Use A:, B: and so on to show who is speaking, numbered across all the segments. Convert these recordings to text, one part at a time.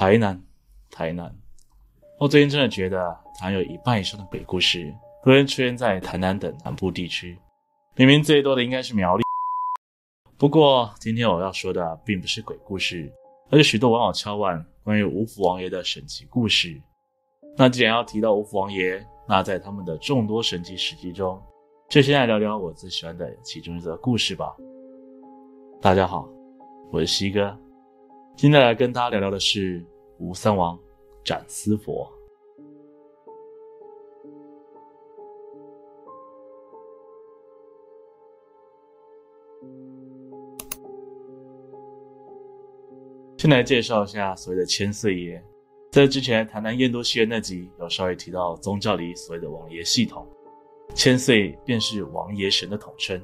A: 台南，台南，我最近真的覺得，台灣有一半以上的鬼故事突然出現在台南等南部地區，明明最多的應該是苗栗。不過，今天我要說的並不是鬼故事，而是許多網友敲碗關於吳府王爺的神奇故事。那既然要提到吳府王爺，那在他們的眾多神奇事蹟中，就先來聊聊我最喜歡的其中一則故事吧。大家好，我是西哥。今天來跟大家聊聊的是吳三王斬私佛。先來介紹一下所謂的千歲爺，在之前台南燕都戲院那集有稍微提到宗教裡所謂的王爺系統，千歲便是王爺神的統稱，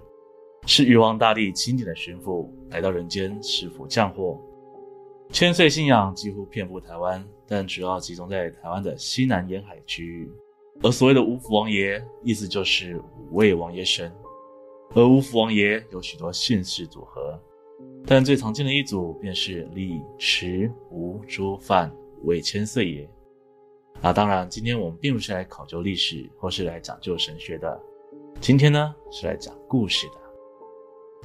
A: 是玉皇大帝欽點的巡撫，來到人間施福降禍。千歲信仰幾乎遍佈臺灣，但主要集中在臺灣的西南沿海區域。而所謂的五府王爺，意思就是五位王爺神。而五府王爺有許多姓氏組合，但最常見的一組便是李、池、吳、朱、范五位千歲爺。啊，當然，今天我們並不是來考究歷史，或是來講究神學的，今天呢，是來講故事的。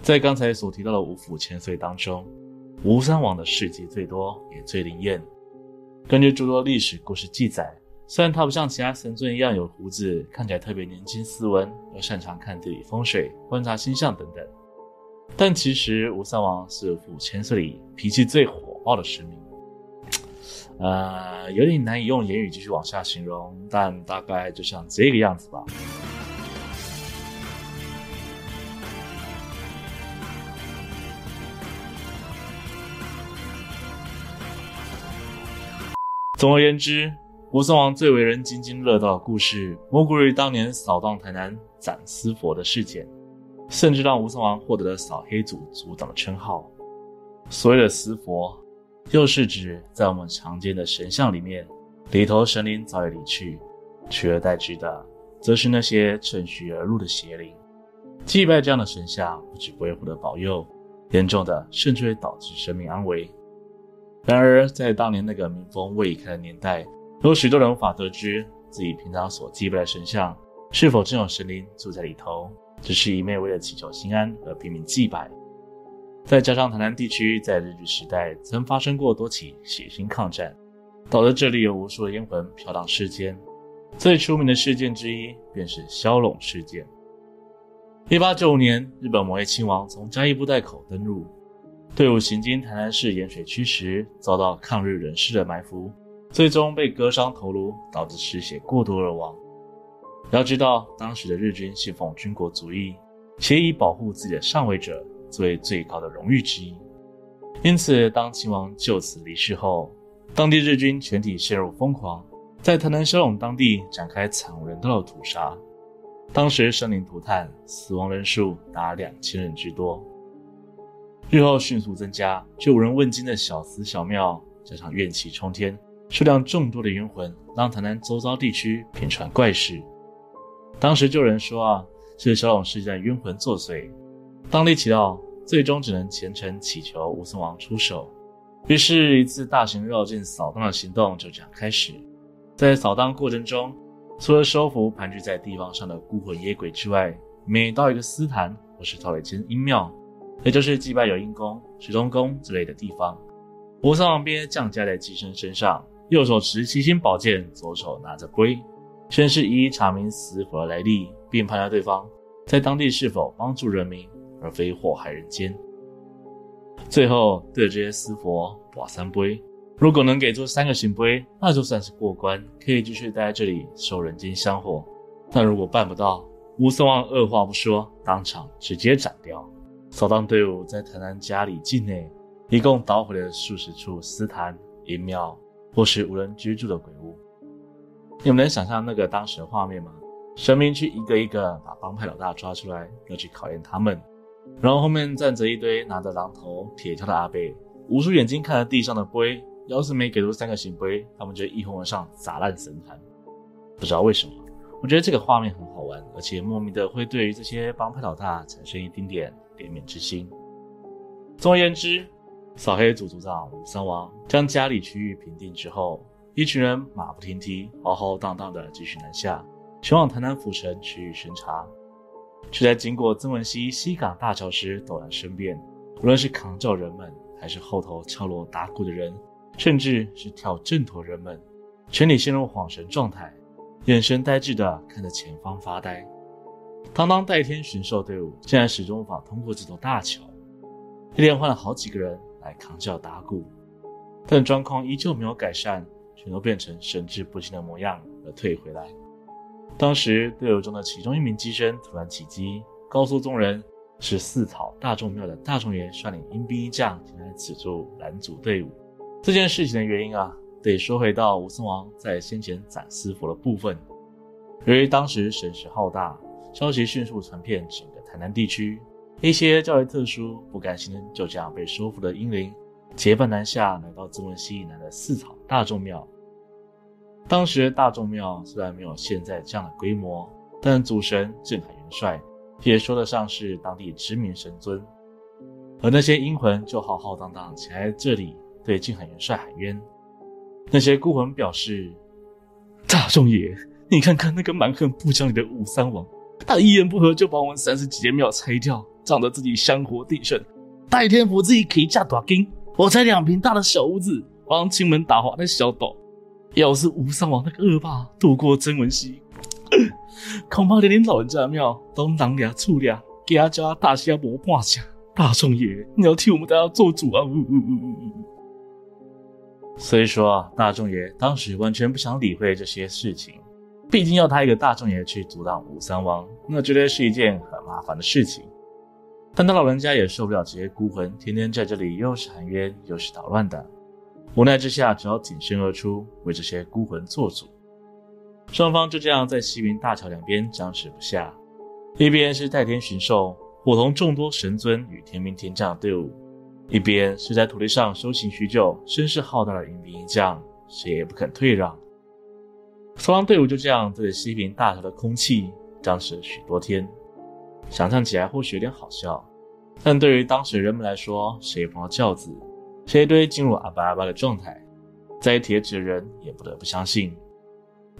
A: 在剛才所提到的五府千歲當中。吳三王的事蹟最多也最靈驗。根據諸多歷史故事記載，雖然他不像其他神尊一樣有鬍子，看起來特別年輕斯文，又擅長看地理風水、觀察星象等等，但其實吳三王是五千歲裡脾氣最火爆的神明。呃，有點難以用言語繼續往下形容，但大概就像這個樣子吧。總而言之，吳三王最為人津津樂道的故事，莫過於當年掃蕩台南斬私佛的事件，甚至讓吳三王獲得了“掃黑組組長”的稱號。所謂的私佛，又、就是指在我們常見的神像裡面，裡頭神靈早已離去，取而代之的，則是那些趁虛而入的邪靈。祭拜這樣的神像，不僅不會獲得保佑，嚴重的甚至會導致生命安危。然而，在當年那個民風未開的年代，有許多人無法得知自己平常所祭拜的神像是否真有神靈住在裡頭，只是一昧為了祈求心安而拼命祭拜。再加上台南地區在日據時代曾發生過多起血腥抗戰，導致這裡有無數的冤魂飄蕩世間。最出名的事件之一便是蕭壟事件。一八九五年，日本某位親王從嘉義布袋口登陸。隊伍行經台南市鹽水區時，遭到抗日人士的埋伏，最終被割傷頭顱，導致失血過多而亡。要知道，當時的日軍信奉軍國主義，且以保護自己的上位者作為最高的榮譽之一。因此，當親王就此離世後，當地日軍全體陷入瘋狂，在台南、高雄當地展開慘無人道的屠殺。當時生靈塗炭，死亡人數達兩千人之多。日後迅速增加，卻無人問津的小祠小廟，加上怨氣衝天、數量眾多的冤魂，讓台南周遭地區頻傳怪事。當時就有人說啊，這個小董氏在冤魂作祟。當地乞到最終只能虔誠祈求吳三王出手。於是，一次大型繞境掃蕩的行動就這樣開始。在掃蕩過程中，除了收服盤踞在地方上的孤魂野鬼之外，每到一個私壇或是到了一間陰廟。也就是祭拜有應公、水中公之類的地方。吳三王便降駕在乩身，身上，右手持七星寶劍，左手拿着筊，先是一一查明私佛的來歷，並判斷對方在當地是否幫助人民，而非禍害人間。最後對着這些私佛跋三筊，如果能給出三個聖杯，那就算是過關，可以繼續待在這裡收人間香火。但如果辦不到，吳三王二話不說，當場直接斬掉。掃蕩隊伍在台南佳里境內，一共搗毀了數十處私壇、淫廟或是無人居住的鬼屋。你們能想象那個當時的畫面嗎？神明去一個一個把幫派老大抓出來，要去考驗他們，然後後面站着一堆拿着榔頭、鐵鍬的阿伯，無數眼睛看着地上的杯，要是沒給出三個聖杯，他們就一哄而上砸爛神壇。不知道為什麼，我覺得這個畫面很好玩，而且莫名的會對於這些幫派老大產生一丁點點。憐憫之心。總而言之，掃黑組組長吳三王將嘉義區域平定之後，一群人馬不停蹄，浩浩蕩蕩地繼續南下，前往台南府城區域巡查，卻在經過曾文溪西港大橋時陡然生變。無論是扛轎人們，還是後頭敲鑼打鼓的人，甚至是跳陣頭人們，全體陷入恍神狀態，眼神呆滯地看着前方發呆。堂堂代天巡狩隊伍竟然始終無法通過這座大橋，一連換了好幾個人來扛轎打鼓，但狀況依舊沒有改善，全都變成神志不清的模樣而退回來。當時隊伍中的其中一名乩身突然起乩，告訴眾人是四草大眾廟的大眾爺率領陰兵一將前來此處攔阻隊伍。這件事情的原因啊，得說回到吳三王在先前斬私佛的部分，由於當時聲勢浩大。消息迅速傳遍整個台南地區，一些較為特殊、不甘心就這樣被收服的英靈，結伴南下來到自文溪以南的四草大眾廟。當時的大眾廟雖然沒有現在這樣的規模，但祖神靖海元帥也說得上是當地知名神尊。而那些陰魂就浩浩蕩蕩前來這裡，對靖海元帥喊冤。那些孤魂表示：“大眾爺，你看看那個蠻橫不講理的吳三王。”他一言不合就把我們三十幾間廟拆掉，仗着自己香火鼎盛，代天府自己可以架大金，我才兩坪大的小屋子，幫親門打滑那小島。要是吳三王那個惡霸渡過曾文溪，呃，恐怕連您老人家的廟都倆牙倆給他家，家嚇嚇大香火半下。大眾爺，你要替我們大家做主啊！呃呃呃。所以說啊，大眾爺當時完全不想理會這些事情。畢竟要他一個大眾爺去阻擋吳三王，那絕對是一件很麻煩的事情。但他老人家也受不了這些孤魂天天在這裡又是喊冤又是搗亂的，無奈之下，只好挺身而出，為這些孤魂做主。雙方就這樣在西雲大橋兩邊僵持不下，一邊是代天巡狩，夥同眾多神尊與天兵天將的隊伍，一邊是在土地上修行許久、聲勢浩大的陰兵陰將，誰也不肯退讓。雙方隊伍就這樣對着西平大橋的空氣僵持了許多天，想象起來或許有點好笑，但對於當時人們來說，誰碰到轎子，誰就進入阿巴阿巴的狀態。再鐵齒的人也不得不相信。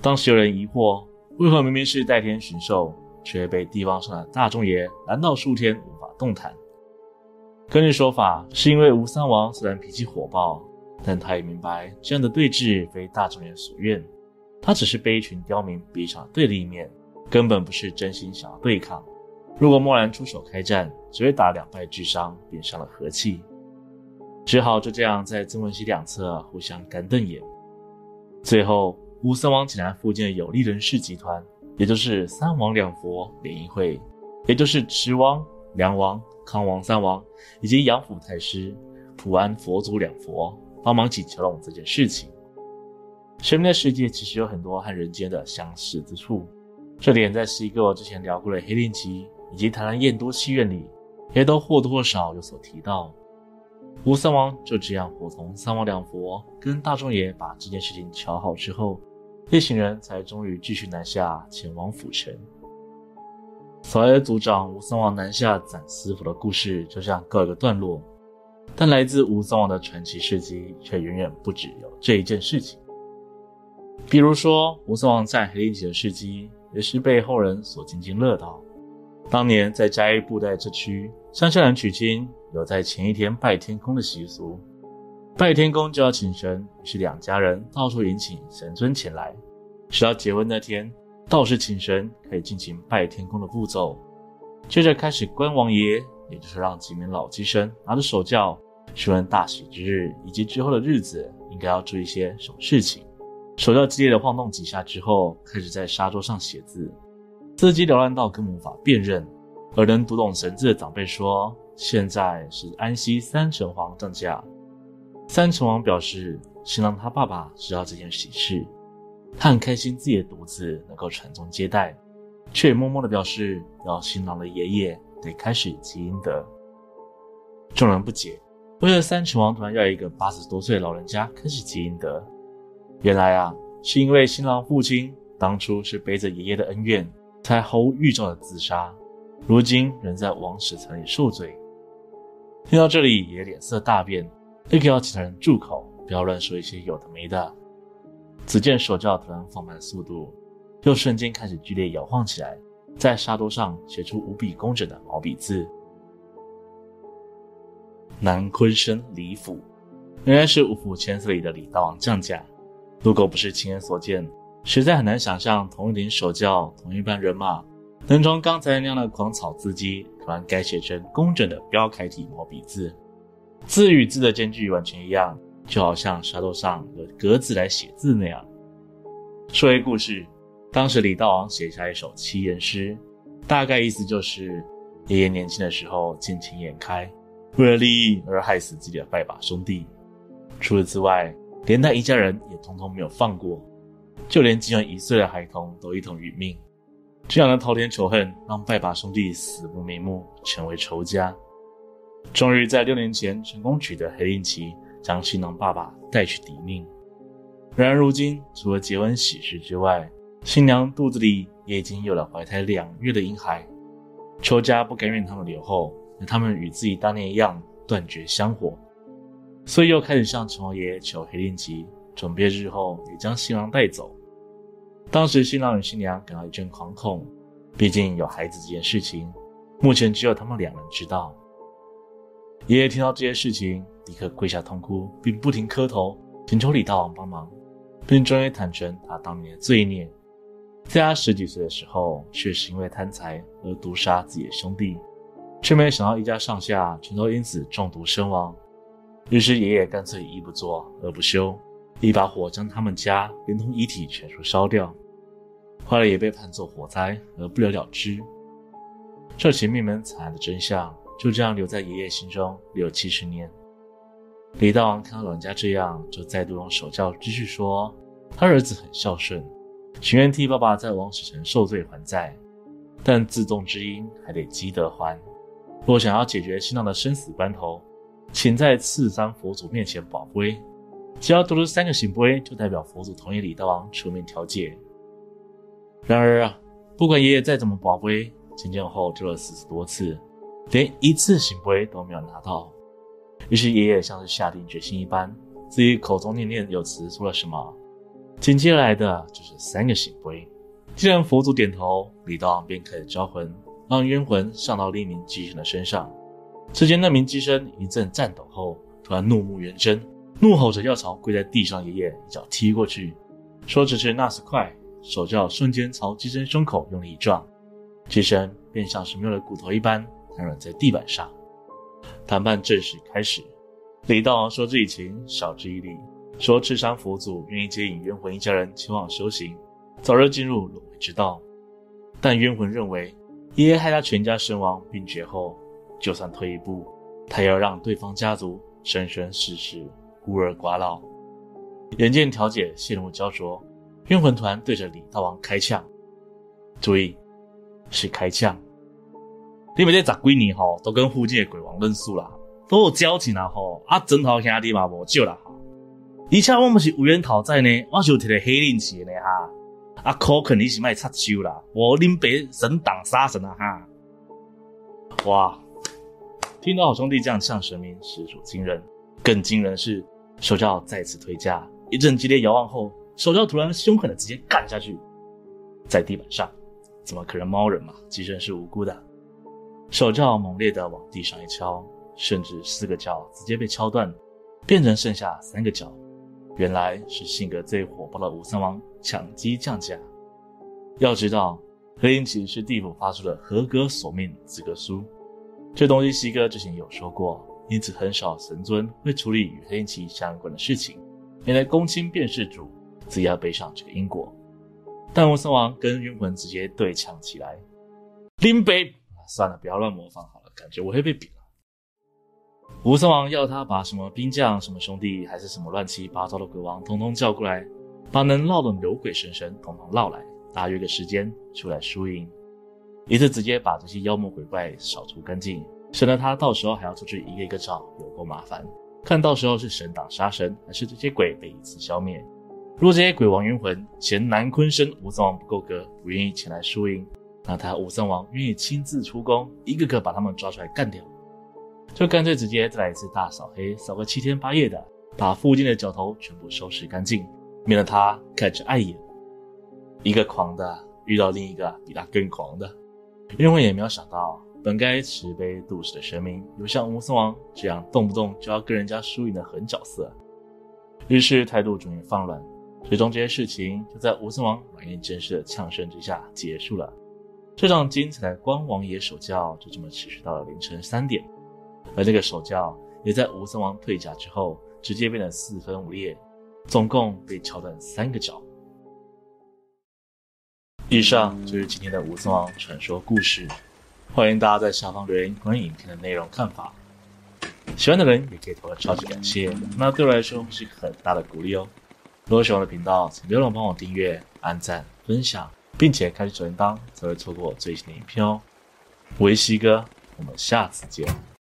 A: 當時有人疑惑，為何明明是代天巡狩，卻被地方上的大眾爺攔到數天無法動彈？根據說法，是因為吳三王雖然脾氣火爆，但他也明白這樣的對峙非大眾爺所願。他只是被一群刁民逼上對立面，根本不是真心想要對抗。如果貿然出手開戰，只會打兩敗俱傷，便傷了和氣，只好就這樣在曾文溪兩側互相乾瞪眼。最後，吳三王請來附近的有力人士集團，也就是三王兩佛聯誼會，也就是池王、梁王、康王三王，以及楊府太師、普安佛祖兩佛幫忙了我們這件事情。神秘的世界其實有很多和人間的相似之處，這點在西哥我之前聊過的《黑令旗》以及《台南燕都戲院》裡也都或多或少有所提到。吳三王就這樣夥同三王兩佛跟大眾爺把這件事情喬好之後，一行人才終於繼續南下前往府城。所謂的族長吳三王南下斬私佛的故事就告一個段落，但來自吳三王的傳奇事蹟卻遠遠不止有這一件事情。比如說，吳三王在黑歷史的事蹟也是被後人所津津樂道。當年在齋布袋這區，鄉下人娶親有在前一天拜天公的習俗，拜天公就要請神，於是兩家人到處迎請神尊前來。直到結婚那天，道士請神可以進行拜天公的步驟，接着開始關王爺，也就是讓幾名老祭生拿着手轎詢問大喜之日以及之後的日子應該要注意一些什麼事情。手要激烈的晃動幾下之後，開始在沙桌上寫字，字跡繚亂到根本無法辨認。而能讀懂神字的長輩說：“現在是安息三成皇正駕。”三成王表示：“新郎他爸爸知道這件喜事，他很開心自己的獨子能夠傳宗接代，卻也默默的表示要新郎的爺爺得開始積陰德。”眾人不解，為何三成王突然要一個八十多歲的老人家開始積陰德？原來啊，是因為新郎父親當初是背着爺爺的恩怨，才毫無預兆的自殺，如今仍在枉死城裡受罪。聽到這裡，爺爺臉色大變，立刻要其他人住口，不要亂說一些有的沒的。只見手轎突然放慢速度，又瞬間開始劇烈搖晃起來，在沙堆上寫出無比工整的毛筆字。南鯤鯓李府，原來是五府千歲裡的李大王降駕。如果不是親眼所見，實在很難想象同一頂手轎、同一班人馬，能從剛才那樣的狂草字跡突然改寫成工整的標楷體毛筆字，字與字的間距完全一樣，就好像沙漏上有格子來寫字那樣。說回故事，當時李道王寫下一首七言詩，大概意思就是爺爺年輕的時候見錢眼開，為了利益而害死自己的拜把兄弟。除此之外。連帶一家人也統統沒有放過，就連僅有一歲的孩童都一同殞命。這樣的滔天仇恨讓拜把兄弟死不瞑目，成為仇家。終於在六年前成功取得黑令旗，將新郎爸爸帶去抵命。然而如今，除了結婚喜事之外，新娘肚子裡也已經有了懷胎兩月的嬰孩。仇家不甘願他們留後，讓他們與自己當年一樣斷絕香火。所以又開始向城隍爺求黑令旗，準備日後也將新郎帶走。當時新郎與新娘感到一陣惶恐，畢竟有孩子這件事情，目前只有他們兩人知道。爺爺聽到這些事情，立刻跪下痛哭，並不停磕頭，請求李大王幫忙，並莊嚴坦誠他當年的罪孽。在他十幾歲的時候，確實因為貪財而毒殺自己的兄弟，卻沒想到一家上下全都因此中毒身亡。於是爺爺乾脆一不做二不休，一把火將他們家連同遺體全數燒掉，後來也被判作火災而不了了之。這起滅門慘案的真相就這樣留在爺爺心中六七十年。李大王看到老人家這樣，就再度用手轎繼續說：“他兒子很孝順，情願替爸爸在枉死城受罪還債，但自動之因還得積德還。若想要解決新郎的生死關頭。”請在次三佛祖面前保歸，只要讀出三個聖杯，就代表佛祖同意李大王出面調解。然而啊，不管爺爺再怎麼保歸，前前後後做了四十多次，連一次聖杯都沒有拿到。於是爺爺像是下定決心一般，自己口中念念有詞說了什麼，緊接來的就是三個聖杯。既然佛祖點頭，李道王便可以招魂，讓冤魂上到另一名乩身的身上。只見那名機身一陣顫抖後，突然怒目圓睜，怒吼着要朝跪在地上爺爺一腳踢過去。說時遲，那時快，手腳瞬間朝機身胸口用力一撞，機身便像是沒有了骨頭一般癱軟在地板上。談判正式開始，李道說，之以情，曉之以理，說赤山佛祖願意接引冤魂一家人前往修行，早日進入輪回之道。但冤魂認為，爺爺害他全家身亡，並絕後。就算退一步，他也要讓對方家族生生世世孤兒寡老。眼見調解陷入焦灼，冤魂團對着李大王開槍。注意，是開槍。因為這十幾年吼，都跟附近的鬼王認識了，都有交情了。吼。啊，真討兄弟嘛無救啦。以前我們是無緣討債呢，我就提個黑令旗呢哈、啊。啊，可肯定是賣插手啦，我林北神擋殺神啦哈、啊。哇！聽到好兄弟這樣向神明實屬驚人，更驚人的是，手轎再次推駕，一陣激烈搖晃後，手轎突然凶狠的直接幹下去，在地板上，怎麼可能？貓人嘛，乩身是無辜的。手轎猛烈的往地上一敲，甚至四個腳直接被敲斷，變成剩下三個腳。原來是性格最火爆的吳三王搶乩降駕。要知道，黑令旗是地府發出的合格索命資格書，這東西西哥之前有說過，因此很少神尊會處理與黑騎相關的事情。原來公親變事主，自己要背上這個因果，但吳三王跟冤魂直接對嗆起來。拎北，算了，不要亂模仿好了，感覺我會被扁了。吳三王要他把什麼兵將、什麼兄弟，還是什麼亂七八糟的鬼王，統統叫過來，把能鬧的牛鬼蛇神統統鬧來，大家約個時間出來輸贏，一次直接把這些妖魔鬼怪掃除乾淨，省得他到時候還要出去一個一個找，有夠麻煩。看到時候是神擋殺神，還是這些鬼被一次消滅。如果這些鬼王冤魂嫌南鯤鯓吳三王不夠格，不願意前來輸贏，那他吳三王願意親自出宮，一個個把他們抓出來幹掉。就乾脆直接再來一次大掃黑，掃個七天八夜的，把附近的角頭全部收拾乾淨，免得他看着礙眼。一個狂的遇到另一個比他更狂的。因為我也沒有想到，本該慈悲度世的神明，有像吳三王這樣動不動就要跟人家輸贏的狠角色，於是態度逐漸放軟，最終這些事情就在吳三王軟硬兼施的嗆聲之下結束了。這場精彩的關王爺手轎就這麼持續到了凌晨三點，而這個手轎也在吳三王退駕之後，直接變得四分五裂，總共被敲斷三個腳。以上就是今天的吳三王傳說故事，歡迎大家在下方留言，關於影片的內容看法。喜歡的人也可以投個超級感謝，那對我來說是一個很大的鼓勵哦。如果喜歡的頻道，請別忘了幫我訂閱、按讚、分享，並且開啟小鈴鐺，才會錯過我最新的影片哦。我是西哥，我們下次見。